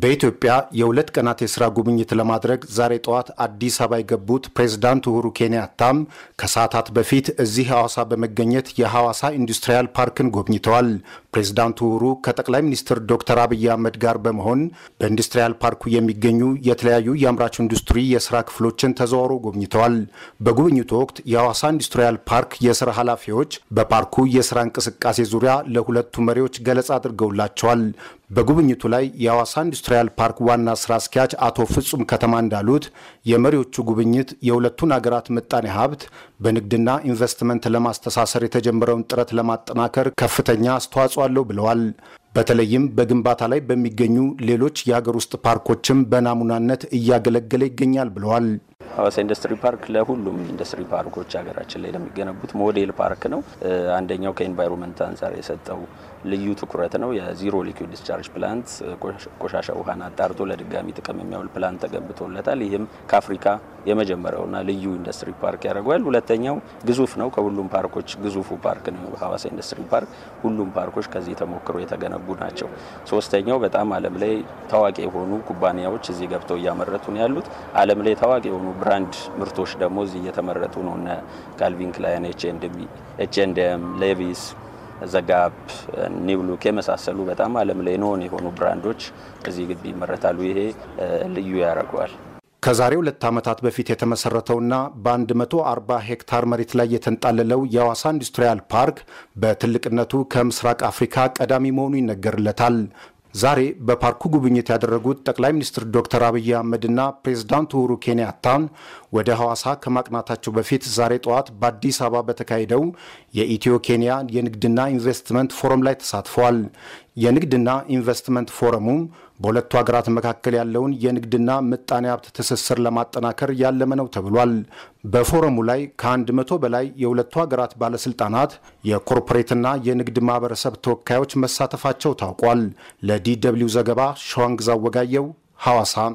በኢትዮጵያ የሁለት ቀናት የስራ ጉብኝት ለማድረግ ዛሬ ጠዋት አዲስ አበባ የገቡት ፕሬዝዳንት ኡሁሩ ኬንያታም ከሰዓታት በፊት እዚህ ሐዋሳ በመገኘት የሐዋሳ ኢንዱስትሪያል ፓርክን ጎብኝተዋል። ፕሬዝዳንቱ ኡሁሩ ከጠቅላይ ሚኒስትር ዶክተር አብይ አህመድ ጋር በመሆን በኢንዱስትሪያል ፓርኩ የሚገኙ የተለያዩ የአምራች ኢንዱስትሪ የስራ ክፍሎችን ተዘዋውሮ ጎብኝተዋል። በጉብኝቱ ወቅት የሐዋሳ ኢንዱስትሪያል ፓርክ የስራ ኃላፊዎች በፓርኩ የስራ እንቅስቃሴ ዙሪያ ለሁለቱ መሪዎች ገለጻ አድርገውላቸዋል። በጉብኝቱ ላይ የሐዋሳ ኢንዱስትሪያል ፓርክ ዋና ስራ አስኪያጅ አቶ ፍጹም ከተማ እንዳሉት የመሪዎቹ ጉብኝት የሁለቱን አገራት ምጣኔ ሀብት በንግድና ኢንቨስትመንት ለማስተሳሰር የተጀመረውን ጥረት ለማጠናከር ከፍተኛ አስተዋጽኦ አግኝቻለሁ ብለዋል። በተለይም በግንባታ ላይ በሚገኙ ሌሎች የሀገር ውስጥ ፓርኮችም በናሙናነት እያገለገለ ይገኛል ብለዋል። ሀዋሳ ኢንዱስትሪ ፓርክ ለሁሉም ኢንዱስትሪ ፓርኮች ሀገራችን ላይ ለሚገነቡት ሞዴል ፓርክ ነው። አንደኛው ከኤንቫይሮንመንት አንጻር የሰጠው ልዩ ትኩረት ነው። የዚሮ ሊኩድ ዲስቻርጅ ፕላንት ቆሻሻ ውሃን አጣርቶ ለድጋሚ ጥቅም የሚያውል ፕላንት ተገንብቶለታል። ይህም ከአፍሪካ የመጀመሪያውና ልዩ ኢንዱስትሪ ፓርክ ያደርገዋል። ሁለተኛው ግዙፍ ነው። ከሁሉም ፓርኮች ግዙፉ ፓርክ ነው ሀዋሳ ኢንዱስትሪ ፓርክ። ሁሉም ፓርኮች ከዚህ ተሞክሮ የተገነቡ ናቸው። ሶስተኛው በጣም ዓለም ላይ ታዋቂ የሆኑ ኩባንያዎች እዚህ ገብተው እያመረቱ ነው ያሉት። ዓለም ላይ ታዋቂ የሆኑ ብራንድ ምርቶች ደግሞ እዚህ እየተመረቱ ነው። እነ ካልቪን ክላይን፣ ኤችኤንድኤም፣ ሌቪስ፣ ዘጋፕ፣ ኒው ሉክ የመሳሰሉ በጣም ዓለም ላይ ነሆን የሆኑ ብራንዶች እዚህ ግቢ ይመረታሉ። ይሄ ልዩ ያደርገዋል። ከዛሬ ሁለት ዓመታት በፊት የተመሰረተውና በ140 ሄክታር መሬት ላይ የተንጣለለው የሐዋሳ ኢንዱስትሪያል ፓርክ በትልቅነቱ ከምስራቅ አፍሪካ ቀዳሚ መሆኑ ይነገርለታል። ዛሬ በፓርኩ ጉብኝት ያደረጉት ጠቅላይ ሚኒስትር ዶክተር አብይ አህመድና ፕሬዝዳንት ኡሁሩ ኬንያታን ወደ ሐዋሳ ከማቅናታቸው በፊት ዛሬ ጠዋት በአዲስ አበባ በተካሄደው የኢትዮ ኬንያ የንግድና ኢንቨስትመንት ፎረም ላይ ተሳትፈዋል። የንግድና ኢንቨስትመንት ፎረሙም በሁለቱ ሀገራት መካከል ያለውን የንግድና ምጣኔ ሀብት ትስስር ለማጠናከር ያለመ ነው ተብሏል። በፎረሙ ላይ ከአንድ መቶ በላይ የሁለቱ ሀገራት ባለስልጣናት፣ የኮርፖሬትና የንግድ ማህበረሰብ ተወካዮች መሳተፋቸው ታውቋል። ለዲ ደብልዩ ዘገባ ሸዋንግዛ ወጋየው ሐዋሳ